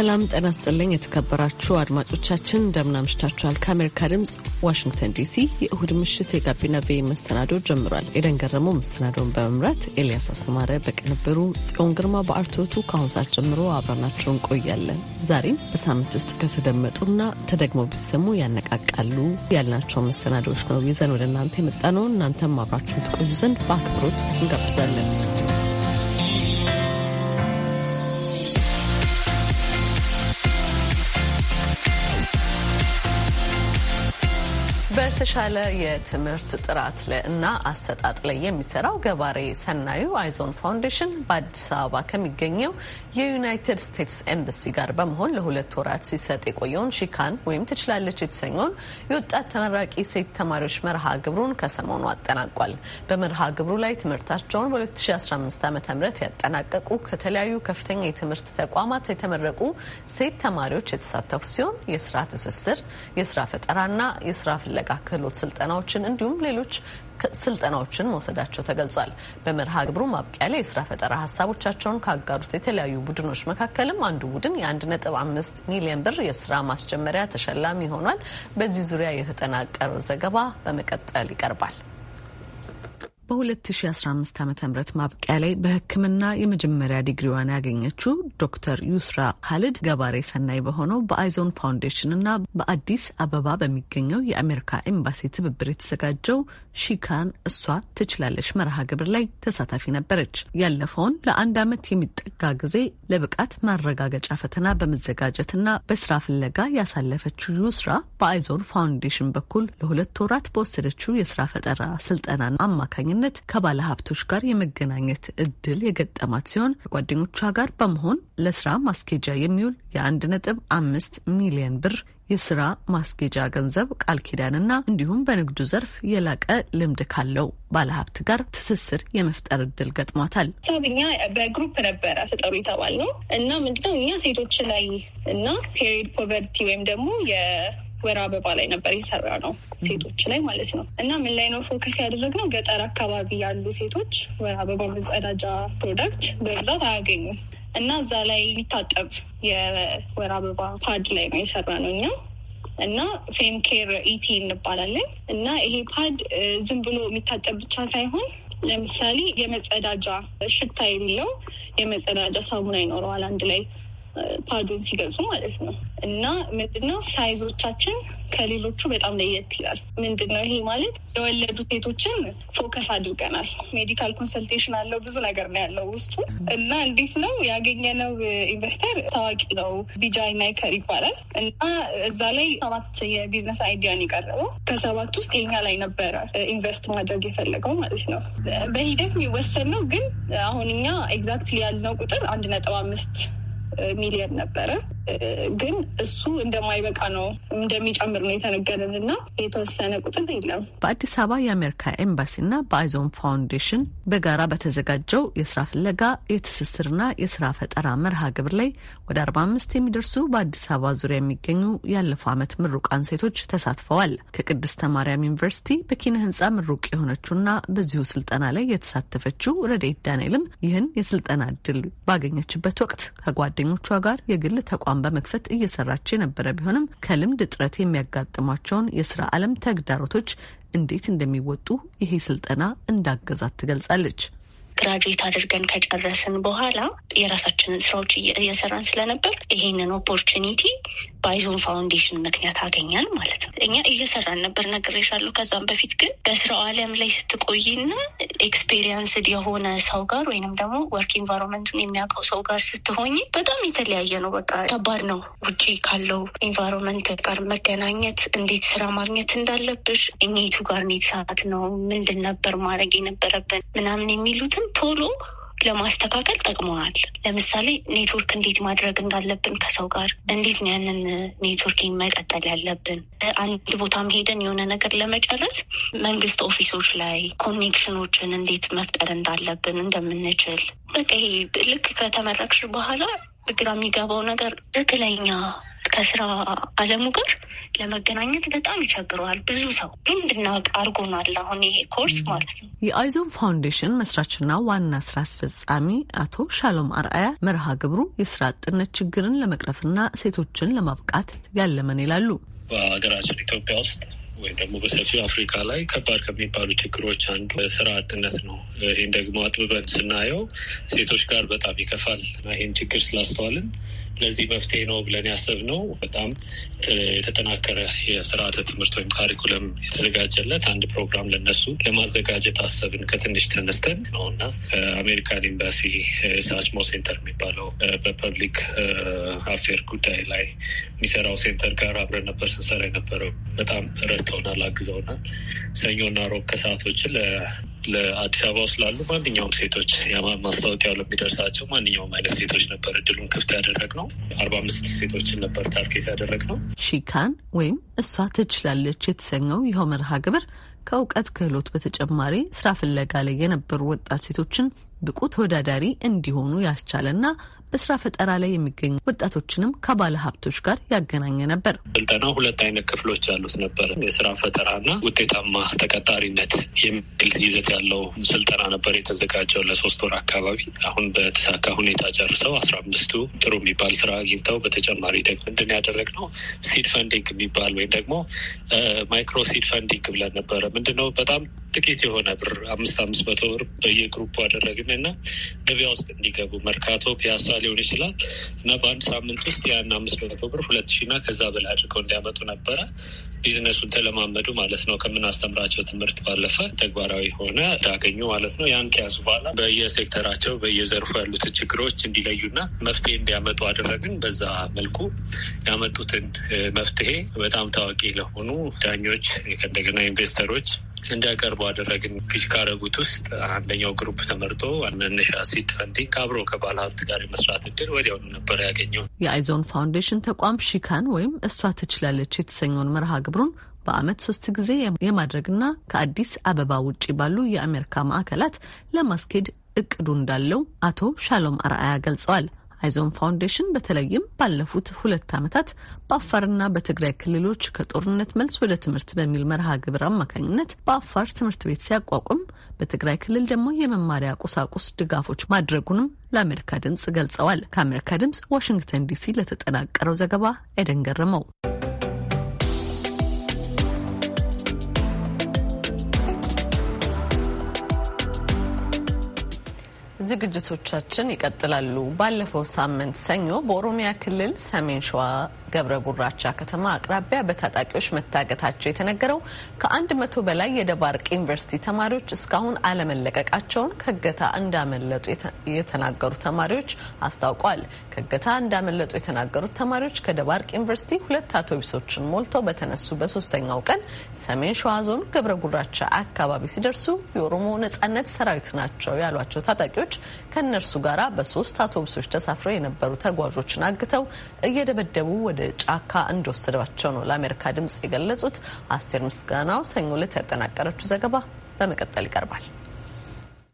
ሰላም ጤና ይስጥልኝ። የተከበራችሁ አድማጮቻችን እንደምናምሽታችኋል። ከአሜሪካ ድምፅ ዋሽንግተን ዲሲ የእሁድ ምሽት የጋቢና ቤ መሰናዶ ጀምሯል። ኤደን ገረመው መሰናዶውን በመምራት ኤልያስ አስማረ በቅንብሩ፣ ጽዮን ግርማ በአርቶቱ ከአሁን ሰዓት ጀምሮ አብረናቸው እንቆያለን። ዛሬም በሳምንት ውስጥ ከተደመጡና ተደግሞ ቢሰሙ ያነቃቃሉ ያልናቸው መሰናዶዎች ነው ይዘን ወደ እናንተ የመጣ ነው። እናንተም አብራችሁን ትቆዩ ዘንድ በአክብሮት እንጋብዛለን። የተሻለ የትምህርት ጥራት እና አሰጣጥ ላይ የሚሰራው ገባሬ ሰናዩ አይዞን ፋውንዴሽን በአዲስ አበባ ከሚገኘው የዩናይትድ ስቴትስ ኤምበሲ ጋር በመሆን ለሁለት ወራት ሲሰጥ የቆየውን ሺካን ወይም ትችላለች የተሰኘውን የወጣት ተመራቂ ሴት ተማሪዎች መርሃ ግብሩን ከሰሞኑ አጠናቋል። በመርሃ ግብሩ ላይ ትምህርታቸውን በ2015 ዓ ም ያጠናቀቁ ከተለያዩ ከፍተኛ የትምህርት ተቋማት የተመረቁ ሴት ተማሪዎች የተሳተፉ ሲሆን የስራ ትስስር፣ የስራ ፈጠራና የስራ ፍለጋ ክህሎት ስልጠናዎችን እንዲሁም ሌሎች ስልጠናዎችን መውሰዳቸው ተገልጿል። በመርሃ ግብሩ ማብቂያ ላይ የስራ ፈጠራ ሀሳቦቻቸውን ካጋሩት የተለያዩ ቡድኖች መካከልም አንዱ ቡድን የአንድ ነጥብ አምስት ሚሊዮን ብር የስራ ማስጀመሪያ ተሸላሚ ሆኗል። በዚህ ዙሪያ የተጠናቀረው ዘገባ በመቀጠል ይቀርባል። በ2015 ዓ ም ማብቂያ ላይ በሕክምና የመጀመሪያ ዲግሪዋን ያገኘችው ዶክተር ዩስራ ካሊድ ገባሬ ሰናይ በሆነው በአይዞን ፋውንዴሽን እና በአዲስ አበባ በሚገኘው የአሜሪካ ኤምባሲ ትብብር የተዘጋጀው ሺካን እሷ ትችላለች መርሃ ግብር ላይ ተሳታፊ ነበረች። ያለፈውን ለአንድ ዓመት የሚጠጋ ጊዜ ለብቃት ማረጋገጫ ፈተና በመዘጋጀትና በስራ ፍለጋ ያሳለፈችው ዩስራ በአይዞን ፋውንዴሽን በኩል ለሁለት ወራት በወሰደችው የስራ ፈጠራ ስልጠና አማካኝነት አማካኝነት ከባለ ሀብቶች ጋር የመገናኘት እድል የገጠማት ሲሆን ከጓደኞቿ ጋር በመሆን ለስራ ማስኬጃ የሚውል የአንድ ነጥብ አምስት ሚሊዮን ብር የስራ ማስጌጃ ገንዘብ ቃል ኪዳንና እንዲሁም በንግዱ ዘርፍ የላቀ ልምድ ካለው ባለሀብት ጋር ትስስር የመፍጠር እድል ገጥሟታል። ሳብ እኛ በግሩፕ ነበረ ፍጠሩ የተባል ነው እና ምንድነው እኛ ሴቶች ላይ እና ፔሪድ ፖቨርቲ ወይም ደግሞ ወር አበባ ላይ ነበር የሰራ ነው ሴቶች ላይ ማለት ነው። እና ምን ላይ ነው ፎከስ ነው? ገጠር አካባቢ ያሉ ሴቶች ወር አበባ መጸዳጃ ፕሮዳክት በብዛት አያገኙም እና እዛ ላይ የሚታጠብ የወር አበባ ፓድ ላይ ነው የሰራ ነው እኛ እና ፌም ኬር ኢቲ እንባላለን እና ይሄ ፓድ ዝም ብሎ የሚታጠብ ብቻ ሳይሆን ለምሳሌ የመጸዳጃ ሽታ የሌለው የመጸዳጃ ሳሙና ይኖረዋል አንድ ላይ ፓዱን ሲገልጹ ማለት ነው። እና ምንድነው ሳይዞቻችን ከሌሎቹ በጣም ለየት ይላል። ምንድነው ይሄ ማለት የወለዱ ሴቶችን ፎከስ አድርገናል። ሜዲካል ኮንሰልቴሽን አለው፣ ብዙ ነገር ነው ያለው ውስጡ። እና እንዴት ነው ያገኘነው ኢንቨስተር ታዋቂ ነው፣ ቢጃይ ናይከር ይባላል። እና እዛ ላይ ሰባት የቢዝነስ አይዲያን የቀረበው ከሰባት ውስጥ የኛ ላይ ነበረ ኢንቨስት ማድረግ የፈለገው ማለት ነው። በሂደት የሚወሰን ነው ግን አሁን እኛ ኤግዛክትሊ ያልነው ቁጥር አንድ ነጥብ አምስት ሚሊየን ነበረ። ግን እሱ እንደማይበቃ ነው እንደሚጨምር ነው የተነገረን እና የተወሰነ ቁጥር የለም። በአዲስ አበባ የአሜሪካ ኤምባሲ እና በአይዞን ፋውንዴሽን በጋራ በተዘጋጀው የስራ ፍለጋ የትስስርና የስራ ፈጠራ መርሃ ግብር ላይ ወደ አርባ አምስት የሚደርሱ በአዲስ አበባ ዙሪያ የሚገኙ ያለፈው ዓመት ምሩቃን ሴቶች ተሳትፈዋል። ከቅድስተ ማርያም ዩኒቨርሲቲ በኪነ ህንጻ ምሩቅ የሆነችውና በዚሁ ስልጠና ላይ የተሳተፈችው ረዴት ዳንኤልም ይህን የስልጠና እድል ባገኘችበት ወቅት ከጓደኞቿ ጋር የግል ተቋ ተቋም በመክፈት እየሰራች የነበረ ቢሆንም ከልምድ እጥረት የሚያጋጥሟቸውን የስራ ዓለም ተግዳሮቶች እንዴት እንደሚወጡ ይሄ ስልጠና እንዳገዛት ትገልጻለች። ግራጁዌት አድርገን ከጨረስን በኋላ የራሳችንን ስራዎች እየሰራን ስለነበር ይሄንን ኦፖርቹኒቲ ባይዞን ፋውንዴሽን ምክንያት አገኛል ማለት ነው። እኛ እየሰራን ነበር ነግሬሻለሁ። ከዛም በፊት ግን በስራው አለም ላይ ስትቆይና ኤክስፔሪየንስድ የሆነ ሰው ጋር ወይንም ደግሞ ወርክ ኢንቫይሮንመንቱን የሚያውቀው ሰው ጋር ስትሆኝ በጣም የተለያየ ነው። በቃ ከባድ ነው። ውጭ ካለው ኢንቫይሮንመንት ጋር መገናኘት፣ እንዴት ስራ ማግኘት እንዳለብሽ፣ እኔቱ ጋር ኔት ሰዓት ነው ምንድን ነበር ማድረግ የነበረብን ምናምን የሚሉትን ቶሎ ለማስተካከል ጠቅመዋል። ለምሳሌ ኔትወርክ እንዴት ማድረግ እንዳለብን ከሰው ጋር እንዴት ያንን ኔትወርኪንግ መቀጠል ያለብን። አንድ ቦታም ሄደን የሆነ ነገር ለመጨረስ መንግስት ኦፊሶች ላይ ኮኔክሽኖችን እንዴት መፍጠር እንዳለብን እንደምንችል በቃ ይሄ ልክ ከተመረቅሽ በኋላ ግራ የሚገባው ነገር ትክክለኛ ከስራ አለሙ ጋር ለመገናኘት በጣም ይቸግረዋል። ብዙ ሰው እንድናውቅ አድርጎናል። አሁን ይሄ ኮርስ ማለት ነው። የአይዞን ፋውንዴሽን መስራችና ዋና ስራ አስፈጻሚ አቶ ሻሎም አርአያ መርሃ ግብሩ የስራ አጥነት ችግርን ለመቅረፍና ሴቶችን ለማብቃት ያለመን ይላሉ። በሀገራችን ኢትዮጵያ ውስጥ ወይም ደግሞ በሰፊው አፍሪካ ላይ ከባድ ከሚባሉ ችግሮች አንዱ ስራ አጥነት ነው። ይህን ደግሞ አጥብበን ስናየው ሴቶች ጋር በጣም ይከፋል ይህን ችግር ስላስተዋልን ለዚህ መፍትሄ ነው ብለን ያሰብነው በጣም የተጠናከረ የስርዓተ ትምህርት ወይም ካሪኩለም የተዘጋጀለት አንድ ፕሮግራም ለነሱ ለማዘጋጀት አሰብን። ከትንሽ ተነስተን ነው እና አሜሪካን ኤምባሲ ሳችሞ ሴንተር የሚባለው በፐብሊክ አፌር ጉዳይ ላይ የሚሰራው ሴንተር ጋር አብረን ነበር ስንሰራ የነበረው። በጣም ረድተውናል፣ አግዘውናል። ሰኞና ሮብ ከሰዓቶች ለአዲስ አበባ ውስጥ ላሉ ማንኛውም ሴቶች ማስታወቂያው ለሚደርሳቸው ማንኛውም አይነት ሴቶች ነበር እድሉን ክፍት ያደረግነው። አርባ አምስት ሴቶችን ነበር ታርጌት ያደረግነው። ሺካን ወይም እሷ ትችላለች የተሰኘው ይኸው መርሃ ግብር ከእውቀት ክህሎት በተጨማሪ ስራ ፍለጋ ላይ የነበሩ ወጣት ሴቶችን ብቁ ተወዳዳሪ እንዲሆኑ ያስቻለና በስራ ፈጠራ ላይ የሚገኙ ወጣቶችንም ከባለ ሀብቶች ጋር ያገናኘ ነበር። ስልጠናው ሁለት አይነት ክፍሎች ያሉት ነበር። የስራ ፈጠራና ውጤታማ ተቀጣሪነት የሚል ይዘት ያለው ስልጠና ነበር የተዘጋጀው ለሶስት ወር አካባቢ። አሁን በተሳካ ሁኔታ ጨርሰው አስራ አምስቱ ጥሩ የሚባል ስራ አግኝተው በተጨማሪ ደግሞ ምንድን ነው ሲድ ፈንዲንግ የሚባል ወይም ደግሞ ማይክሮ ሲድ ፈንዲንግ ብለን ነበረ ምንድነው በጣም ጥቂት የሆነ ብር አምስት አምስት መቶ ብር በየግሩፕ አደረግን እና ገበያ ውስጥ እንዲገቡ መርካቶ፣ ፒያሳ ሊሆን ይችላል እና በአንድ ሳምንት ውስጥ ያን አምስት መቶ ብር ሁለት ሺና ከዛ በላይ አድርገው እንዲያመጡ ነበረ። ቢዝነሱን ተለማመዱ ማለት ነው። ከምናስተምራቸው ትምህርት ባለፈ ተግባራዊ ሆነ እንዳገኙ ማለት ነው። ያን ከያዙ በኋላ በየሴክተራቸው በየዘርፉ ያሉትን ችግሮች እንዲለዩና መፍትሄ እንዲያመጡ አደረግን። በዛ መልኩ ያመጡትን መፍትሄ በጣም ታዋቂ ለሆኑ ዳኞች፣ እንደገና ኢንቨስተሮች እንዲያቀርቡ እንዲገቡ ፒች ካረጉት ውስጥ አንደኛው ግሩፕ ተመርጦ መነሻ ሲድ ፈንዲንግ አብሮ ከባለሀብት ጋር የመስራት እድል ወዲያውኑ ነበር ያገኘው። የአይዞን ፋውንዴሽን ተቋም ሺካን ወይም እሷ ትችላለች የተሰኘውን መርሃ ግብሩን በአመት ሶስት ጊዜ የማድረግና ከአዲስ አበባ ውጭ ባሉ የአሜሪካ ማዕከላት ለማስኬድ እቅዱ እንዳለው አቶ ሻሎም አርአያ ገልጸዋል። አይዞን ፋውንዴሽን በተለይም ባለፉት ሁለት ዓመታት በአፋርና በትግራይ ክልሎች ከጦርነት መልስ ወደ ትምህርት በሚል መርሃ ግብር አማካኝነት በአፋር ትምህርት ቤት ሲያቋቁም በትግራይ ክልል ደግሞ የመማሪያ ቁሳቁስ ድጋፎች ማድረጉንም ለአሜሪካ ድምጽ ገልጸዋል። ከአሜሪካ ድምጽ ዋሽንግተን ዲሲ ለተጠናቀረው ዘገባ ኤደን ገረመው። ዝግጅቶቻችን ይቀጥላሉ። ባለፈው ሳምንት ሰኞ በኦሮሚያ ክልል ሰሜን ሸዋ ገብረ ጉራቻ ከተማ አቅራቢያ በታጣቂዎች መታገታቸው የተነገረው ከአንድ መቶ በላይ የደባርቅ ዩኒቨርሲቲ ተማሪዎች እስካሁን አለመለቀቃቸውን ከእገታ እንዳመለጡ የተናገሩ ተማሪዎች አስታውቋል። ከእገታ እንዳመለጡ የተናገሩት ተማሪዎች ከደባርቅ ዩኒቨርሲቲ ሁለት አውቶቢሶችን ሞልተው በተነሱ በሶስተኛው ቀን ሰሜን ሸዋ ዞን ገብረ ጉራቻ አካባቢ ሲደርሱ የኦሮሞ ነጻነት ሰራዊት ናቸው ያሏቸው ታጣቂዎች ታጣቂዎች ከእነርሱ ጋር በሶስት አውቶቡሶች ተሳፍረው የነበሩ ተጓዦችን አግተው እየደበደቡ ወደ ጫካ እንደወሰዷቸው ነው ለአሜሪካ ድምጽ የገለጹት። አስቴር ምስጋናው ሰኞ ዕለት ያጠናቀረችው ዘገባ በመቀጠል ይቀርባል።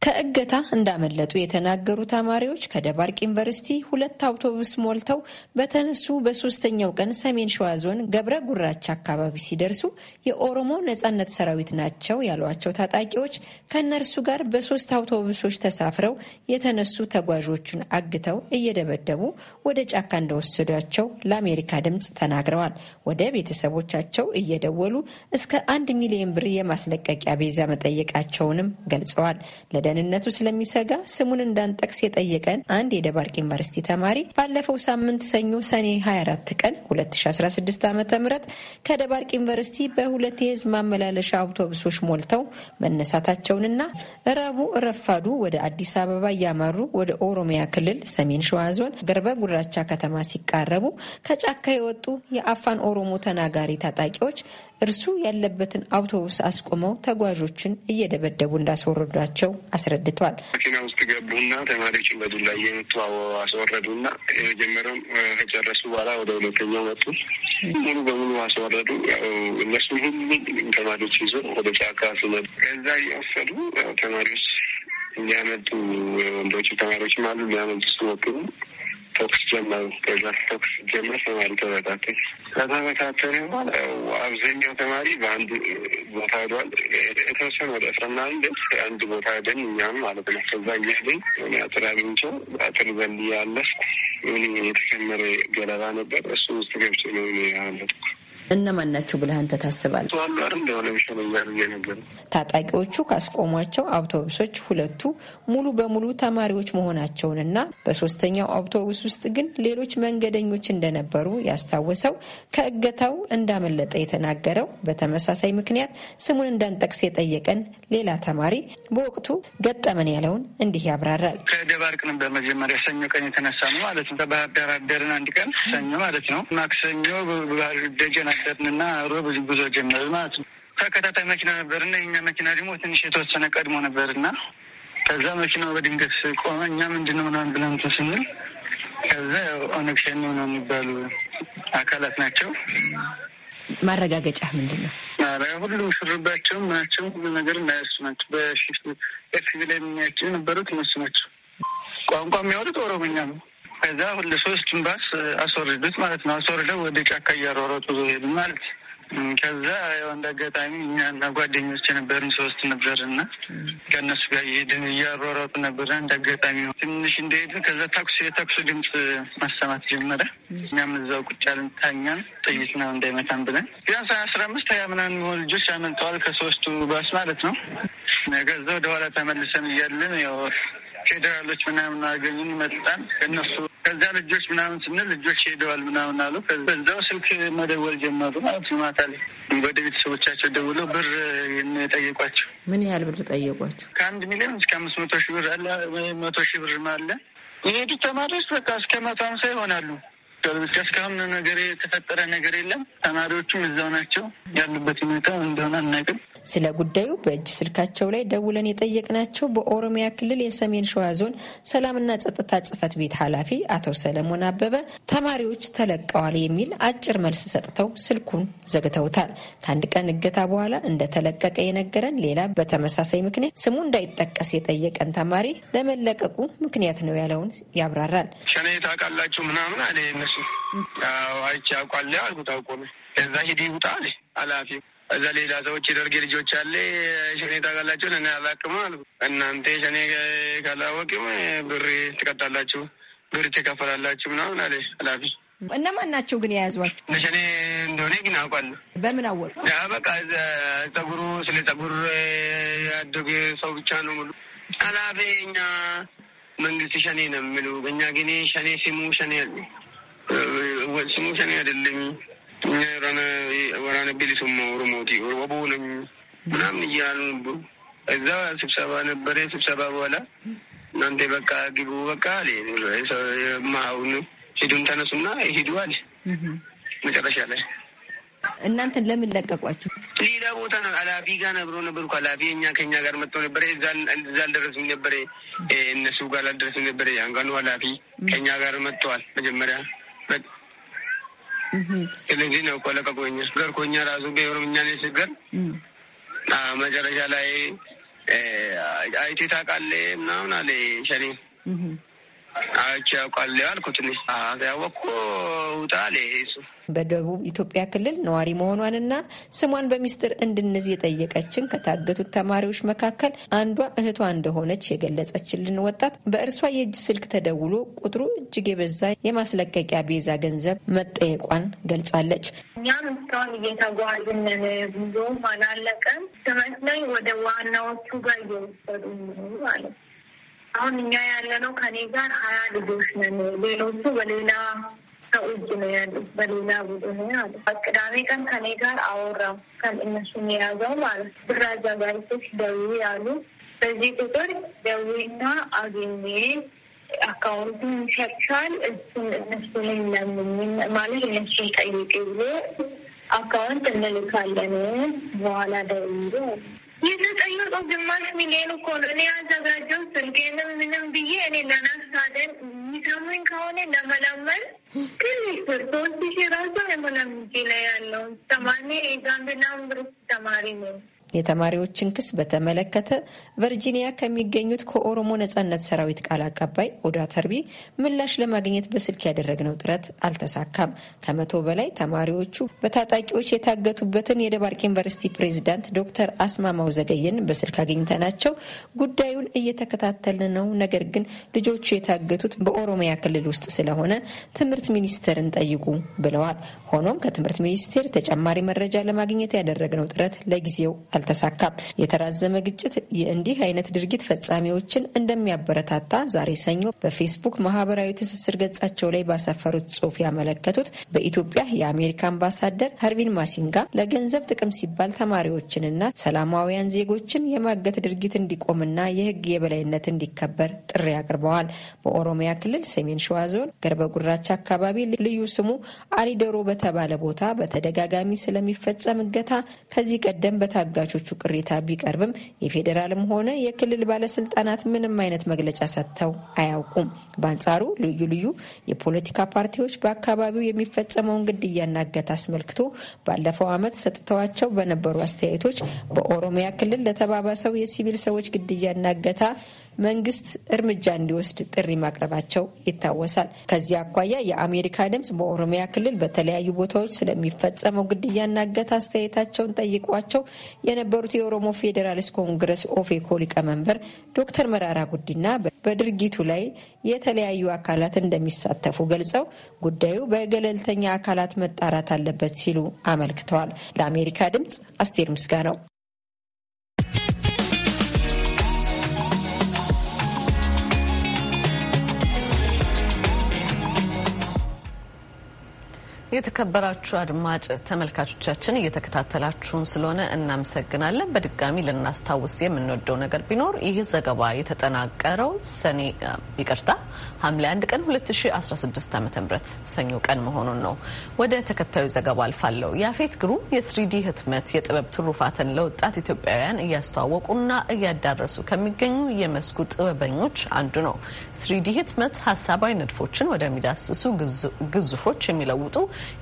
ከእገታ እንዳመለጡ የተናገሩ ተማሪዎች ከደባርቅ ዩኒቨርሲቲ ሁለት አውቶቡስ ሞልተው በተነሱ በሶስተኛው ቀን ሰሜን ሸዋ ዞን ገብረ ጉራቻ አካባቢ ሲደርሱ የኦሮሞ ነጻነት ሰራዊት ናቸው ያሏቸው ታጣቂዎች ከእነርሱ ጋር በሶስት አውቶቡሶች ተሳፍረው የተነሱ ተጓዦቹን አግተው እየደበደቡ ወደ ጫካ እንደወሰዷቸው ለአሜሪካ ድምፅ ተናግረዋል። ወደ ቤተሰቦቻቸው እየደወሉ እስከ አንድ ሚሊዮን ብር የማስለቀቂያ ቤዛ መጠየቃቸውንም ገልጸዋል። ለደህንነቱ ስለሚሰጋ ስሙን እንዳንጠቅስ የጠየቀን አንድ የደባርቅ ዩኒቨርሲቲ ተማሪ ባለፈው ሳምንት ሰኞ ሰኔ 24 ቀን 2016 ዓ ም ከደባርቅ ዩኒቨርሲቲ በሁለት የህዝብ ማመላለሻ አውቶቡሶች ሞልተው መነሳታቸውንና ረቡዕ ረፋዱ ወደ አዲስ አበባ እያመሩ ወደ ኦሮሚያ ክልል ሰሜን ሸዋ ዞን ገርበ ጉራቻ ከተማ ሲቃረቡ ከጫካ የወጡ የአፋን ኦሮሞ ተናጋሪ ታጣቂዎች እርሱ ያለበትን አውቶቡስ አስቆመው ተጓዦችን እየደበደቡ እንዳስወረዷቸው አስረድቷል። መኪና ውስጥ ገቡና ተማሪዎችን በዱላ እየመቱ አስወረዱና የመጀመሪያውን ከጨረሱ በኋላ ወደ ሁለተኛው መጡ። ሙሉ በሙሉ አስወረዱ። እነሱ ሁሉም ተማሪዎች ይዞ ወደ ጫካ ሲመጡ ከዛ እየወሰዱ ተማሪዎች ሊያመጡ ወንዶቹ ተማሪዎችም አሉ ሊያመጡ ሲሞክሩ ተኩስ ጀመሩ። ከዛ ተኩስ ጀመር፣ ተማሪ ተበታተነ። ከተበታተነ በኋላ አብዛኛው ተማሪ በአንድ ቦታ ሄዷል። የተወሰነ ወደ አስራ ምናምን ደስ አንድ ቦታ ደን እኛም ማለት ነው። ከዛ እያሄድን ሆነ አጥር አግኝቼ በአጥር ዘል ያለፍኩ የሆነ የተከመረ ገለባ ነበር። እሱ ውስጥ ገብቼ ነው ያለፍኩ እነማን ናቸው ብለህ አንተ ታጣቂዎቹ ካስቆሟቸው አውቶቡሶች ሁለቱ ሙሉ በሙሉ ተማሪዎች መሆናቸውንና በሶስተኛው አውቶቡስ ውስጥ ግን ሌሎች መንገደኞች እንደነበሩ ያስታወሰው ከእገታው እንዳመለጠ የተናገረው በተመሳሳይ ምክንያት ስሙን እንዳንጠቅስ የጠየቀን ሌላ ተማሪ በወቅቱ ገጠመን ያለውን እንዲህ ያብራራል። ከደባርቅ ነበር መጀመሪያ ሰኞ ቀን የተነሳ ነው ማለት ነው። በባህር ዳር አደርን አንድ ቀን ሰኞ ማለት ነው። ማክሰኞ ደጀን ወሰድንና ሮብ ጉዞ ጀመርን ማለት ነው። ተከታታይ መኪና ነበር ነበርና የኛ መኪና ደግሞ ትንሽ የተወሰነ ቀድሞ ነበር ነበርና ከዛ መኪናው በድንገት ቆመ። እኛ ምንድን ነው ምናምን ብለን እንትን ስንል ከዛ ኦነግ ሸኔ ነው የሚባሉ አካላት ናቸው። ማረጋገጫ ምንድን ነው? ማረጋ ሁሉም ሽርባቸው ምናቸውም ሁሉ ነገር እናያሱ ናቸው። በሽፍት ኤፍቪ ላይ የሚያቸው የነበሩት እነሱ ናቸው። ቋንቋ የሚያወሩት ኦሮምኛ ነው። ከዛ ሁለ ሶስቱን ባስ አስወርዱት ማለት ነው። አስወርደው ወደ ጫካ እያሯሯጡ ሄዱ ማለት ከዛ ያው እንደ አጋጣሚ እኛና ጓደኞች የነበርን ሶስት ነበር እና ከእነሱ ጋር እየሄድን እያሯሯጡ ነበር። እንደ አጋጣሚ ትንሽ እንደሄድን ከዛ ተኩስ የተኩሱ ድምፅ ማሰማት ጀመረ። እኛም እዛው ቁጭ ያልን ታኛን ጥይት ነው እንዳይመታን ብለን ቢያንስ አስራ አምስት ሀያ ምናምን የሚሆኑ ልጆች ያመልጠዋል ከሶስቱ ባስ ማለት ነው። ከዛ ወደኋላ ተመልሰን እያለን ያው ፌዴራሎች ምናምን አገኙን መጣን ከነሱ ከዛ ልጆች ምናምን ስንል ልጆች ሄደዋል ምናምን አሉ። በዛው ስልክ መደወል ጀመሩ ማለት ነው። ማታ ላይ ወደ ቤተሰቦቻቸው ደውለው ብር ጠየቋቸው። ምን ያህል ብር ጠየቋቸው? ከአንድ ሚሊዮን እስከ አምስት መቶ ሺህ ብር አለ፣ መቶ ሺህ ብር አለ። የሄዱት ተማሪዎች በቃ እስከ መቶ አምሳ ይሆናሉ። ብቻ እስካሁን ነገር የተፈጠረ ነገር የለም። ተማሪዎቹም እዛው ናቸው። ያሉበት ሁኔታ እንደሆነ አናውቅም። ስለ ጉዳዩ በእጅ ስልካቸው ላይ ደውለን የጠየቅናቸው በኦሮሚያ ክልል የሰሜን ሸዋ ዞን ሰላምና ጸጥታ ጽህፈት ቤት ኃላፊ አቶ ሰለሞን አበበ ተማሪዎች ተለቀዋል የሚል አጭር መልስ ሰጥተው ስልኩን ዘግተውታል። ከአንድ ቀን እገታ በኋላ እንደተለቀቀ የነገረን ሌላ በተመሳሳይ ምክንያት ስሙ እንዳይጠቀስ የጠየቀን ተማሪ ለመለቀቁ ምክንያት ነው ያለውን ያብራራል። ሸኔ ታውቃላችሁ ምናምን አለ አይቼ አውቃለሁ አልኩት። አውቆ ነው ከዛ ሂድ ይውጣ አለ ኃላፊ እዛ ሌላ ሰዎች የደርጌ ልጆች አለ ሸኔ ታውቃላችሁ፣ እኔ አላቅም አልኩ። እናንተ ሸኔ ካላወቅም ብር ትቀጣላችሁ፣ ብር ትከፈላላችሁ ምናምን አለ ኃላፊ። እነማን ናቸው ግን የያዟቸው? ሸኔ እንደሆነ ግን አውቃለሁ። በምን አወቅ? በቃ ጸጉሩ ስለ ጸጉር ያደገ ሰው ብቻ ነው ሙሉ ኃላፊ እኛ መንግስት ሸኔ ነው የሚሉ እኛ ግን ሸኔ ሲሙ ሸኔ አለ ስሙ ሰኔ አይደለም ወራነ ቢሊሱማ ኦሮሞቲ ኦሮሞ ነኝ ምናምን እያሉ ነበሩ። እዛ ስብሰባ ነበረ። ስብሰባ በኋላ እናንተ በቃ ግቡ በቃ አለ። ማሁን ሂዱን ተነሱና ሂዱ አለ። መጨረሻ ላይ እናንተን ለምን ለቀቋችሁ? ሌላ ቦታ ነው አላፊ ጋር ነብሮ ነበር አላፊ እኛ ከኛ ጋር መጥተው ነበረ። እዛ አልደረስም ነበረ፣ እነሱ ጋር አልደረስም ነበረ። አንጋኑ አላፊ ከኛ ጋር መጥተዋል መጀመሪያ ስለዚህ ነው እኮ ለቀቆኝ ስገር ኮኛ ራሱ በኦሮምኛ ነው ስገር መጨረሻ ላይ አይቴ ታውቃለህ ምናምን አለ ሸኔ አይቼ አውቃለሁ አልኩት። ትንሽ ያወቅኩ ውጣ አለ እሱ በደቡብ ኢትዮጵያ ክልል ነዋሪ መሆኗንና ስሟን በሚስጥር እንድንይዝ የጠየቀችን ከታገቱት ተማሪዎች መካከል አንዷ እህቷ እንደሆነች የገለጸችልን ወጣት በእርሷ የእጅ ስልክ ተደውሎ ቁጥሩ እጅግ የበዛ የማስለቀቂያ ቤዛ ገንዘብ መጠየቋን ገልጻለች። እኛም እስካሁን እየተጓዝን ብዙም አላለቀም ስመስለኝ ወደ ዋናዎቹ ጋር እየወሰዱ ማለት አሁን እኛ ያለነው ከኔ ጋር ሀያ ልጆች ነን። ሌሎቹ በሌላ ሰው እጅ ነው ያለው በሌላ ቡድን አለ። ቅዳሜ ቀን ከኔ ጋር አወራው ከን እነሱን የያዘው ማለት ብር አዘጋጅቶች ደውዬ ያሉ በዚህ ቁጥር ደውዬና አግኜ አካውንቱን ሸጥሻል እሱን እነሱን ለምኝ ማለት እነሱን ጠይቅ ብሎ አካውንት እንልካለን በኋላ ደውዬ የተጠየቀው ግማሽ ሚሊዮን እኮ ነው። እኔ ያዘጋጀው ስልኬንም ምንም ብዬ እኔ ለናሳደን የሚሰሙኝ ከሆነ ለመለመን qué es shi ransa ne የተማሪዎችን ክስ በተመለከተ ቨርጂኒያ ከሚገኙት ከኦሮሞ ነጻነት ሰራዊት ቃል አቀባይ ኦዳ ተርቢ ምላሽ ለማግኘት በስልክ ያደረግነው ጥረት አልተሳካም። ከመቶ በላይ ተማሪዎቹ በታጣቂዎች የታገቱበትን የደባርቅ ዩኒቨርሲቲ ፕሬዚዳንት ዶክተር አስማማው ዘገየን በስልክ አግኝተናቸው ጉዳዩን እየተከታተልን ነው፣ ነገር ግን ልጆቹ የታገቱት በኦሮሚያ ክልል ውስጥ ስለሆነ ትምህርት ሚኒስቴርን ጠይቁ ብለዋል። ሆኖም ከትምህርት ሚኒስቴር ተጨማሪ መረጃ ለማግኘት ያደረግነው ጥረት ለጊዜው አልተሳካም። የተራዘመ ግጭት እንዲህ አይነት ድርጊት ፈጻሚዎችን እንደሚያበረታታ ዛሬ ሰኞ በፌስቡክ ማህበራዊ ትስስር ገጻቸው ላይ ባሰፈሩት ጽሑፍ ያመለከቱት በኢትዮጵያ የአሜሪካ አምባሳደር ሀርቪን ማሲንጋ ለገንዘብ ጥቅም ሲባል ተማሪዎችንና ሰላማውያን ዜጎችን የማገት ድርጊት እንዲቆምና የህግ የበላይነት እንዲከበር ጥሪ አቅርበዋል። በኦሮሚያ ክልል ሰሜን ሸዋ ዞን ገርበ አካባቢ ልዩ ስሙ አሪደሮ በተባለ ቦታ በተደጋጋሚ ስለሚፈጸም እገታ ከዚህ ቀደም በታጋ የተወላጆቹ ቅሬታ ቢቀርብም የፌዴራልም ሆነ የክልል ባለስልጣናት ምንም አይነት መግለጫ ሰጥተው አያውቁም። በአንጻሩ ልዩ ልዩ የፖለቲካ ፓርቲዎች በአካባቢው የሚፈጸመውን ግድያና እገታ አስመልክቶ ባለፈው ዓመት ሰጥተዋቸው በነበሩ አስተያየቶች በኦሮሚያ ክልል ለተባባሰው የሲቪል ሰዎች ግድያና እገታ መንግስት እርምጃ እንዲወስድ ጥሪ ማቅረባቸው ይታወሳል። ከዚህ አኳያ የአሜሪካ ድምፅ በኦሮሚያ ክልል በተለያዩ ቦታዎች ስለሚፈጸመው ግድያና እገታ አስተያየታቸውን ጠይቋቸው የነበሩት የኦሮሞ ፌዴራሊስት ኮንግረስ ኦፌኮ ሊቀመንበር ዶክተር መራራ ጉዲና በድርጊቱ ላይ የተለያዩ አካላት እንደሚሳተፉ ገልጸው ጉዳዩ በገለልተኛ አካላት መጣራት አለበት ሲሉ አመልክተዋል። ለአሜሪካ ድምፅ አስቴር ምስጋ ነው። የተከበራችሁ አድማጭ ተመልካቾቻችን እየተከታተላችሁን ስለሆነ እናመሰግናለን። በድጋሚ ልናስታውስ የምንወደው ነገር ቢኖር ይህ ዘገባ የተጠናቀረው ሰኔ ይቅርታ ሐምሌ 1 ቀን 2016 ዓ ም ሰኞ ቀን መሆኑን ነው። ወደ ተከታዩ ዘገባ አልፋለሁ። የአፌት ግሩም የስሪዲ ህትመት የጥበብ ትሩፋትን ለወጣት ኢትዮጵያውያን እያስተዋወቁና እያዳረሱ ከሚገኙ የመስኩ ጥበበኞች አንዱ ነው። ስሪዲ ህትመት ሀሳባዊ ንድፎችን ወደሚዳስሱ ግዙፎች የሚለውጡ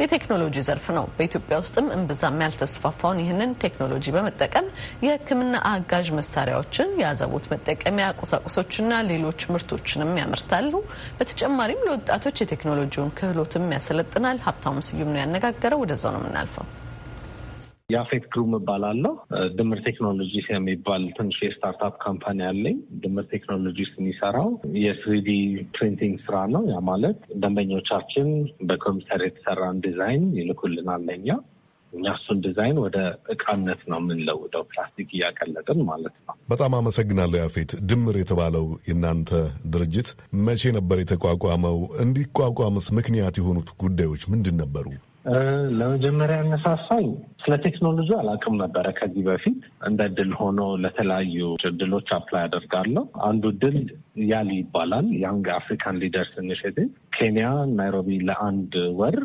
የቴክኖሎጂ ዘርፍ ነው። በኢትዮጵያ ውስጥም እምብዛም ያልተስፋፋውን ይህንን ቴክኖሎጂ በመጠቀም የሕክምና አጋዥ መሳሪያዎችን፣ የአዘቦት መጠቀሚያ ቁሳቁሶችና ሌሎች ምርቶችንም ያመርታሉ። በተጨማሪም ለወጣቶች የቴክኖሎጂውን ክህሎትም ያሰለጥናል። ሀብታሙ ስዩም ነው ያነጋገረው። ወደዛው ነው የምናልፈው። የአፌት ግሩም እባላለሁ። ድምር ቴክኖሎጂስ የሚባል ትንሽ የስታርታፕ ካምፓኒ አለኝ። ድምር ቴክኖሎጂስ የሚሰራው የስሪዲ ፕሪንቲንግ ስራ ነው። ያ ማለት ደንበኞቻችን በኮምፒውተር የተሰራን ዲዛይን ይልኩልናል ለኛ። እኛ እሱን ዲዛይን ወደ እቃነት ነው የምንለውደው፣ ፕላስቲክ እያቀለጥን ማለት ነው። በጣም አመሰግናለሁ ያፌት። ድምር የተባለው የእናንተ ድርጅት መቼ ነበር የተቋቋመው? እንዲቋቋምስ ምክንያት የሆኑት ጉዳዮች ምንድን ነበሩ? ለመጀመሪያ ያነሳሳኝ ስለ ቴክኖሎጂ አላውቅም ነበረ ከዚህ በፊት እንደ ድል ሆኖ ለተለያዩ ድሎች አፕላይ አደርጋለሁ። አንዱ ድል ያሊ ይባላል ያንግ አፍሪካን ሊደርስ ኢኒሽቲቭ ኬንያ ናይሮቢ ለአንድ ወር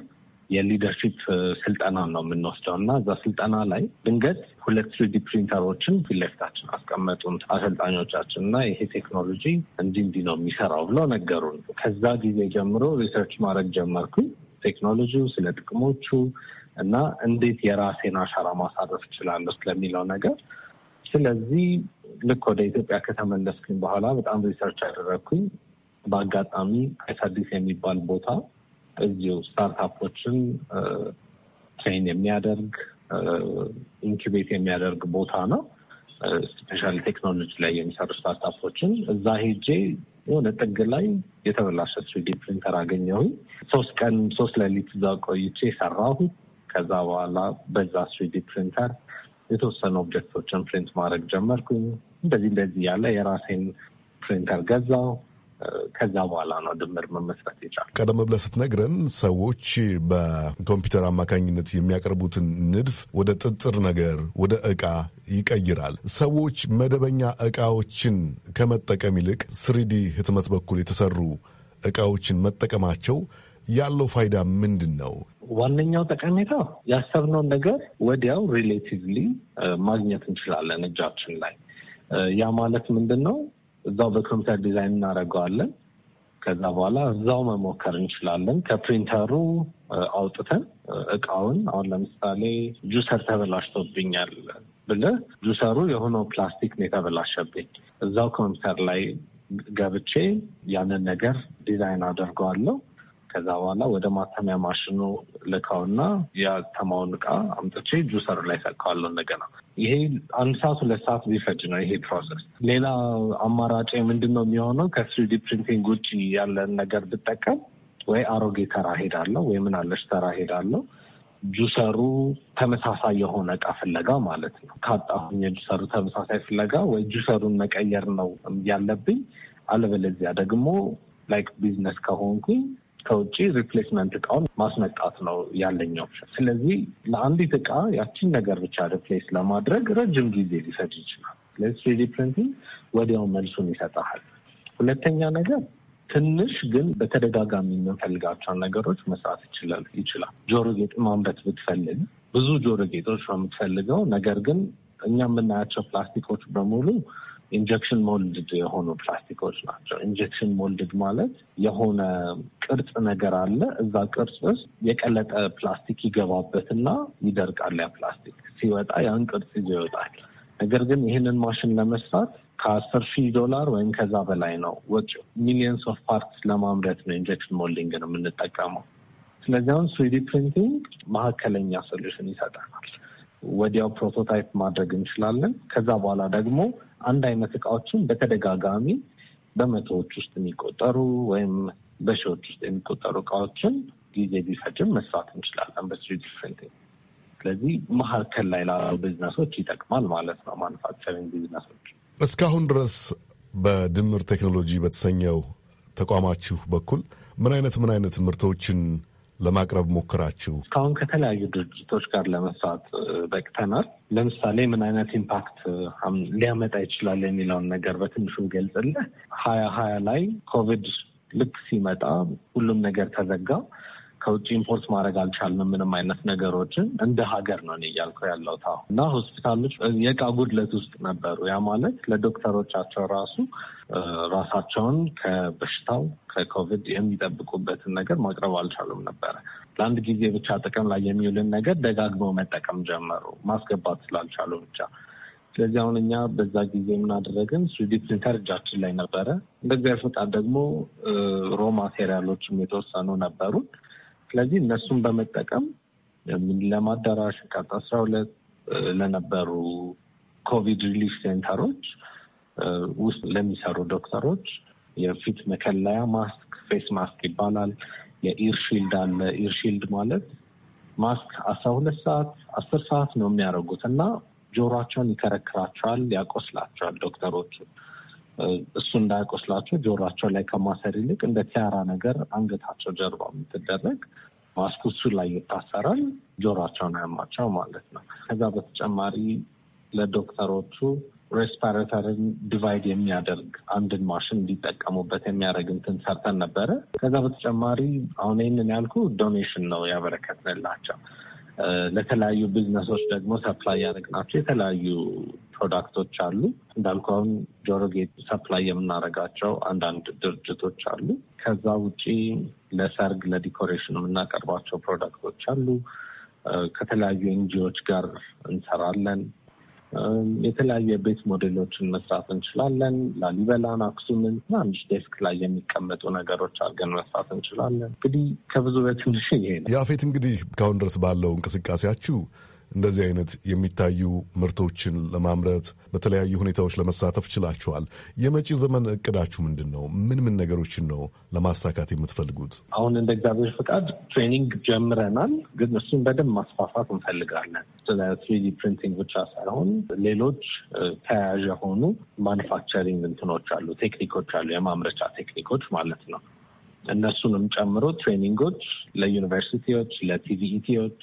የሊደርሺፕ ስልጠና ነው የምንወስደው እና እዛ ስልጠና ላይ ድንገት ሁለት ትሪዲ ፕሪንተሮችን ፊት ለፊታችን አስቀመጡን አሰልጣኞቻችን እና ይሄ ቴክኖሎጂ እንዲህ እንዲህ ነው የሚሰራው ብለው ነገሩን። ከዛ ጊዜ ጀምሮ ሪሰርች ማድረግ ጀመርኩኝ። ቴክኖሎጂው፣ ስለ ጥቅሞቹ እና እንዴት የራሴን አሻራ ማሳረፍ እችላለሁ ስለሚለው ነገር። ስለዚህ ልክ ወደ ኢትዮጵያ ከተመለስኩኝ በኋላ በጣም ሪሰርች ያደረግኩኝ በአጋጣሚ አይስ አዲስ የሚባል ቦታ እዚሁ ስታርታፖችን ትሬን የሚያደርግ ኢንኩቤት የሚያደርግ ቦታ ነው። ስፔሻል ቴክኖሎጂ ላይ የሚሰሩ ስታርታፖችን እዛ ሄጄ የሆነ ጥግ ላይ የተበላሸ ስሪዲ ፕሪንተር አገኘሁኝ። ሶስት ቀን ሶስት ሌሊት እዛ ቆይቼ ሰራሁ። ከዛ በኋላ በዛ ስሪዲ ፕሪንተር የተወሰኑ ኦብጀክቶችን ፕሪንት ማድረግ ጀመርኩኝ። እንደዚህ እንደዚህ ያለ የራሴን ፕሪንተር ገዛው። ከዛ በኋላ ነው ድምር መመስረት የቻልኩት። ቀደም ብለህ ስትነግረን ሰዎች በኮምፒውተር አማካኝነት የሚያቀርቡትን ንድፍ ወደ ጥጥር ነገር ወደ እቃ ይቀይራል። ሰዎች መደበኛ እቃዎችን ከመጠቀም ይልቅ ስሪዲ ህትመት በኩል የተሰሩ እቃዎችን መጠቀማቸው ያለው ፋይዳ ምንድን ነው? ዋነኛው ጠቀሜታ ያሰብነውን ነገር ወዲያው ሪሌቲቭሊ ማግኘት እንችላለን እጃችን ላይ። ያ ማለት ምንድን ነው? እዛው በኮምፒውተር ዲዛይን እናደርገዋለን። ከዛ በኋላ እዛው መሞከር እንችላለን። ከፕሪንተሩ አውጥተን እቃውን አሁን ለምሳሌ ጁሰር ተበላሽቶብኛል ብለህ ጁሰሩ የሆነው ፕላስቲክ ነው የተበላሸብኝ። እዛው ኮምፒውተር ላይ ገብቼ ያንን ነገር ዲዛይን አደርገዋለሁ። ከዛ በኋላ ወደ ማተሚያ ማሽኑ ልከውና ያተማውን እቃ አምጥቼ ጁሰር ላይ ሰካዋለሁ። እንደገና ይሄ አንድ ሰዓት ሁለት ሰዓት ቢፈጅ ነው ይሄ ፕሮሰስ። ሌላ አማራጭ ምንድን ነው የሚሆነው? ከስሪዲ ፕሪንቲንግ ውጭ ያለን ነገር ብጠቀም ወይ አሮጌ ተራ ሄዳለሁ ወይ ምን ተራ ሄዳለሁ። ጁሰሩ ተመሳሳይ የሆነ እቃ ፍለጋ ማለት ነው። ካጣሁኝ የጁሰሩ ተመሳሳይ ፍለጋ ወይ ጁሰሩን መቀየር ነው ያለብኝ። አለበለዚያ ደግሞ ላይክ ቢዝነስ ከሆንኩኝ ከውጭ ሪፕሌስመንት እቃውን ማስመጣት ነው ያለኝ ኦፕሽን። ስለዚህ ለአንዲት እቃ ያችን ነገር ብቻ ሪፕሌስ ለማድረግ ረጅም ጊዜ ሊሰድ ይችላል። ስለዚህ ፕሪንቲንግ ወዲያው መልሱን ይሰጠሃል። ሁለተኛ ነገር ትንሽ ግን በተደጋጋሚ የምንፈልጋቸውን ነገሮች መስራት ይችላል ይችላል። ጆሮ ጌጥ ማምረት ብትፈልግ ብዙ ጆሮ ጌጦች ነው የምትፈልገው። ነገር ግን እኛ የምናያቸው ፕላስቲኮች በሙሉ ኢንጀክሽን ሞልድድ የሆኑ ፕላስቲኮች ናቸው። ኢንጀክሽን ሞልድድ ማለት የሆነ ቅርጽ ነገር አለ። እዛ ቅርጽ ውስጥ የቀለጠ ፕላስቲክ ይገባበትና ይደርቃል። ያ ፕላስቲክ ሲወጣ ያን ቅርጽ ይዞ ይወጣል። ነገር ግን ይህንን ማሽን ለመስራት ከአስር ሺህ ዶላር ወይም ከዛ በላይ ነው ወጪ። ሚሊየንስ ኦፍ ፓርትስ ለማምረት ነው ኢንጀክሽን ሞልዲንግ ነው የምንጠቀመው። ስለዚህ አሁን ስዊዲ ፕሪንቲንግ መካከለኛ ሶሉሽን ይሰጠናል። ወዲያው ፕሮቶታይፕ ማድረግ እንችላለን። ከዛ በኋላ ደግሞ አንድ አይነት እቃዎችን በተደጋጋሚ በመቶዎች ውስጥ የሚቆጠሩ ወይም በሺዎች ውስጥ የሚቆጠሩ እቃዎችን ጊዜ ቢፈጅም መስራት እንችላለን በስሪዲ ዲፍረንት ስለዚህ መካከል ላይ ላሉ ቢዝነሶች ይጠቅማል ማለት ነው። ማኑፋክቸሪንግ ቢዝነሶች እስካሁን ድረስ በድምር ቴክኖሎጂ በተሰኘው ተቋማችሁ በኩል ምን አይነት ምን አይነት ምርቶችን ለማቅረብ ሞክራችሁ? እስካሁን ከተለያዩ ድርጅቶች ጋር ለመስራት በቅተናል። ለምሳሌ ምን አይነት ኢምፓክት ሊያመጣ ይችላል የሚለውን ነገር በትንሹ ገልጽልህ። ሀያ ሀያ ላይ ኮቪድ ልክ ሲመጣ ሁሉም ነገር ተዘጋ። ከውጭ ኢምፖርት ማድረግ አልቻልንም፣ ምንም አይነት ነገሮችን እንደ ሀገር ነው እያልኩ ያለው እና ሆስፒታሎች የዕቃ ጉድለት ውስጥ ነበሩ። ያ ማለት ለዶክተሮቻቸው ራሱ ራሳቸውን ከበሽታው ከኮቪድ የሚጠብቁበትን ነገር ማቅረብ አልቻሉም ነበረ። ለአንድ ጊዜ ብቻ ጥቅም ላይ የሚውልን ነገር ደጋግመው መጠቀም ጀመሩ፣ ማስገባት ስላልቻሉ ብቻ። ስለዚህ አሁን እኛ በዛ ጊዜ የምናደረግን ስሪዲ ፕሪንተር እጃችን ላይ ነበረ። እንደ እግዚአብሔር ፈቃድ ደግሞ ሮ ማቴሪያሎችም የተወሰኑ ነበሩ። ስለዚህ እነሱን በመጠቀም ለማዳራሽ ቀጥ አስራ ሁለት ለነበሩ ኮቪድ ሪሊፍ ሴንተሮች ውስጥ ለሚሰሩ ዶክተሮች የፊት መከለያ ማስክ ፌስ ማስክ ይባላል። የኢርሺልድ አለ። ኢርሺልድ ማለት ማስክ አስራ ሁለት ሰዓት አስር ሰዓት ነው የሚያደርጉት እና ጆሯቸውን ይከረክራቸዋል፣ ያቆስላቸዋል ዶክተሮቹ። እሱ እንዳያቆስላቸው ጆሯቸው ላይ ከማሰር ይልቅ እንደ ቲያራ ነገር አንገታቸው ጀርባ የምትደረግ ማስኩ እሱ ላይ ይታሰራል፣ ጆሯቸውን አያማቸው ማለት ነው። ከዛ በተጨማሪ ለዶክተሮቹ ሬስፓራተርን ዲቫይድ የሚያደርግ አንድን ማሽን እንዲጠቀሙበት የሚያደርግ እንትን ሰርተን ነበረ። ከዛ በተጨማሪ አሁን ይህንን ያልኩ ዶኔሽን ነው ያበረከትንላቸው። ለተለያዩ ቢዝነሶች ደግሞ ሰፕላይ ያደረግናቸው የተለያዩ ፕሮዳክቶች አሉ። እንዳልኩ አሁን ጆሮጌት ሰፕላይ የምናደርጋቸው አንዳንድ ድርጅቶች አሉ። ከዛ ውጪ ለሰርግ ለዲኮሬሽን የምናቀርባቸው ፕሮዳክቶች አሉ። ከተለያዩ ኤንጂዎች ጋር እንሰራለን። የተለያዩ የቤት ሞዴሎችን መስራት እንችላለን። ላሊበላን፣ አክሱምን ትናንሽ ዴስክ ላይ የሚቀመጡ ነገሮች አድርገን መስራት እንችላለን። እንግዲህ ከብዙ በትንሽ ይሄ ነው። ያፌት፣ እንግዲህ ካሁን ድረስ ባለው እንቅስቃሴያችሁ እንደዚህ አይነት የሚታዩ ምርቶችን ለማምረት በተለያዩ ሁኔታዎች ለመሳተፍ ችላችኋል። የመጪ ዘመን እቅዳችሁ ምንድን ነው? ምን ምን ነገሮችን ነው ለማሳካት የምትፈልጉት? አሁን እንደ እግዚአብሔር ፈቃድ ትሬኒንግ ጀምረናል፣ ግን እሱን በደንብ ማስፋፋት እንፈልጋለን። ስለ ትሪዲ ፕሪንቲንግ ብቻ ሳይሆን ሌሎች ተያያዥ የሆኑ ማኒፋክቸሪንግ እንትኖች አሉ፣ ቴክኒኮች አሉ፣ የማምረቻ ቴክኒኮች ማለት ነው። እነሱንም ጨምሮ ትሬኒንጎች ለዩኒቨርሲቲዎች፣ ለቲቪኢቲዎች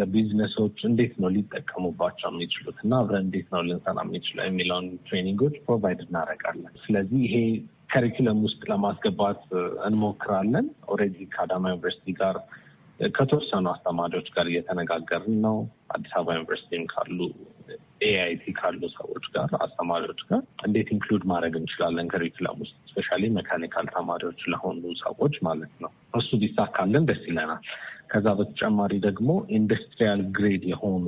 ለቢዝነሶች እንዴት ነው ሊጠቀሙባቸው የሚችሉት እና አብረን እንዴት ነው ልንሰራ የሚችለው የሚለውን ትሬኒንጎች ፕሮቫይድ እናደርጋለን። ስለዚህ ይሄ ከሪኩለም ውስጥ ለማስገባት እንሞክራለን። ኦልሬዲ ከአዳማ ዩኒቨርሲቲ ጋር ከተወሰኑ አስተማሪዎች ጋር እየተነጋገርን ነው። አዲስ አበባ ዩኒቨርሲቲም ካሉ ኤአይቲ ካሉ ሰዎች ጋር አስተማሪዎች ጋር እንዴት ኢንክሉድ ማድረግ እንችላለን ከሪኩለም ውስጥ ስፔሻሊ ሜካኒካል ተማሪዎች ለሆኑ ሰዎች ማለት ነው። እሱ ቢሳካልን ደስ ይለናል። ከዛ በተጨማሪ ደግሞ ኢንዱስትሪያል ግሬድ የሆኑ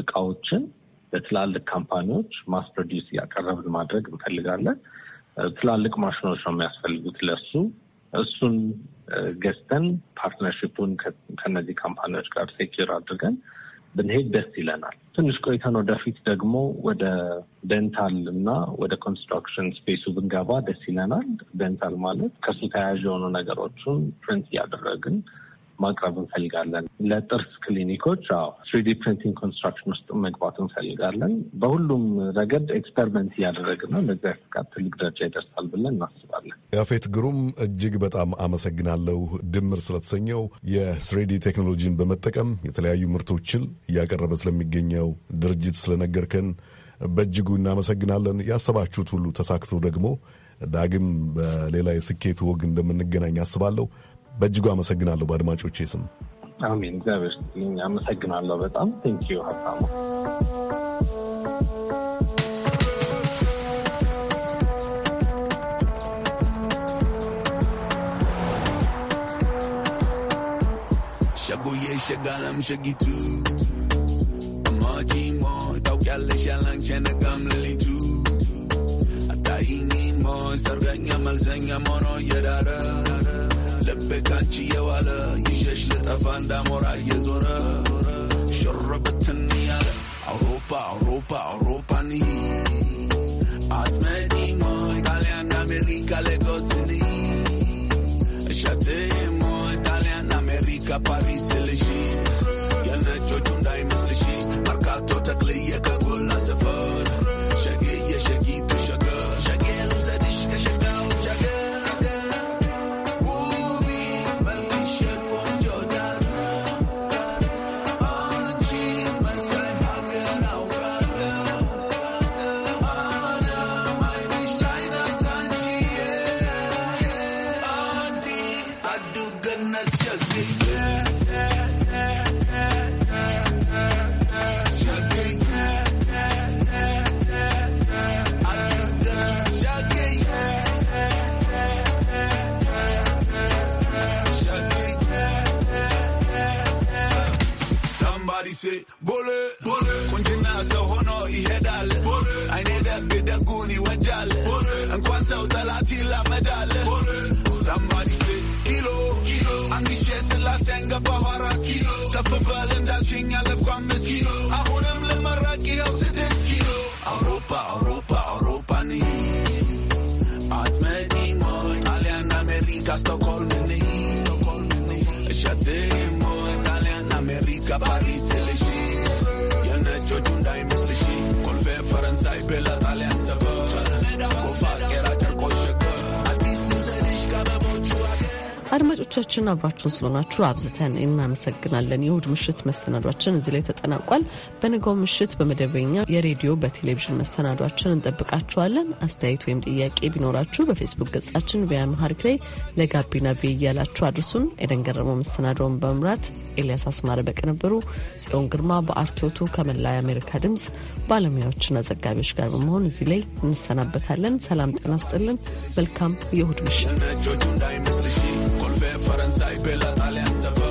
እቃዎችን ለትላልቅ ካምፓኒዎች ማስ ፕሮዲስ እያቀረብን ማድረግ እንፈልጋለን። ትላልቅ ማሽኖች ነው የሚያስፈልጉት ለሱ። እሱን ገዝተን ፓርትነርሽፑን ከነዚህ ካምፓኒዎች ጋር ሴኪር አድርገን ብንሄድ ደስ ይለናል። ትንሽ ቆይተን ወደፊት ደግሞ ወደ ደንታል እና ወደ ኮንስትራክሽን ስፔሱ ብንገባ ደስ ይለናል። ደንታል ማለት ከሱ ተያያዥ የሆኑ ነገሮችን ፕሪንት እያደረግን ማቅረብ እንፈልጋለን። ለጥርስ ክሊኒኮች ትሪዲ ፕሪንቲንግ ኮንስትራክሽን ውስጥ መግባት እንፈልጋለን። በሁሉም ረገድ ኤክስፐሪመንት እያደረግን ነው። ለዚያ ፍቃድ ትልቅ ደረጃ ይደርሳል ብለን እናስባለን። ያፌት ግሩም፣ እጅግ በጣም አመሰግናለሁ። ድምር ስለተሰኘው የስሬዲ ቴክኖሎጂን በመጠቀም የተለያዩ ምርቶችን እያቀረበ ስለሚገኘው ድርጅት ስለነገርከን በእጅጉ እናመሰግናለን። ያሰባችሁት ሁሉ ተሳክቶ ደግሞ ዳግም በሌላ የስኬት ወግ እንደምንገናኝ አስባለሁ። በእጅጉ አመሰግናለሁ በአድማጮቼ ስም። አሜን። እግዚአብሔር ይስጥልኝ። አመሰግናለሁ በጣም ቴንኪዩ ሀብታሙ። Shabuye shagalam shagitu Maji mo taukyale shalang chenagam lilitu Ataini mo sarganya malzanya mono yadara ቤታች እየዋለ ይሸሽ ልጠፋ እንዳሞራ እየዞረ ሽርብትን ያለ አውሮፓ አውሮፓ አውሮፓን አትመጪም ጣሊያን አሜሪካ ሌጎስን እሸትም ወይ ጣሊያን አሜሪካ ፓሪስ ልሽ የነጮቹ እንዳይመስልሽ መርካቶ ተክልዬ ከጎላ ስፈው ራሴ አንገባሁ አራት ኪሎ ከፍ በል እንዳልሽኝ አለፍኩ አምስት አሁንም ልመራቅ ይኸው ስድስት ኪሎ አውሮፓ አውሮፓ አውሮፓኒ አትመጪም ወይ ጣሊያን አሜሪካ ስቶኮልምኒ እሸትም ወይ ጣሊያን አሜሪካ ፓሪስ ልሽ የነጮቹ እንዳይመስልሽ ኮልፌ ፈረንሳይ ቤላት አድማጮቻችን አብራችሁን ስለሆናችሁ አብዝተን እናመሰግናለን። የእሁድ ምሽት መሰናዷችን እዚህ ላይ ተጠናቋል። በንጋው ምሽት በመደበኛ የሬዲዮ በቴሌቪዥን መሰናዷችን እንጠብቃችኋለን። አስተያየት ወይም ጥያቄ ቢኖራችሁ በፌስቡክ ገጻችን ቪያምሃሪክ ላይ ለጋቢና ቪ እያላችሁ አድርሱን። ኤደን ገረመው መሰናዷውን በመምራት ኤልያስ አስማረ በቅንብሩ፣ ጽዮን ግርማ በአርቶቱ ከመላ የአሜሪካ ድምፅ ባለሙያዎችና ዘጋቢዎች ጋር በመሆን እዚህ ላይ እንሰናበታለን። ሰላም ጤና ስጥልን። መልካም የእሁድ ምሽት golfe, Franța, pe la Talianța,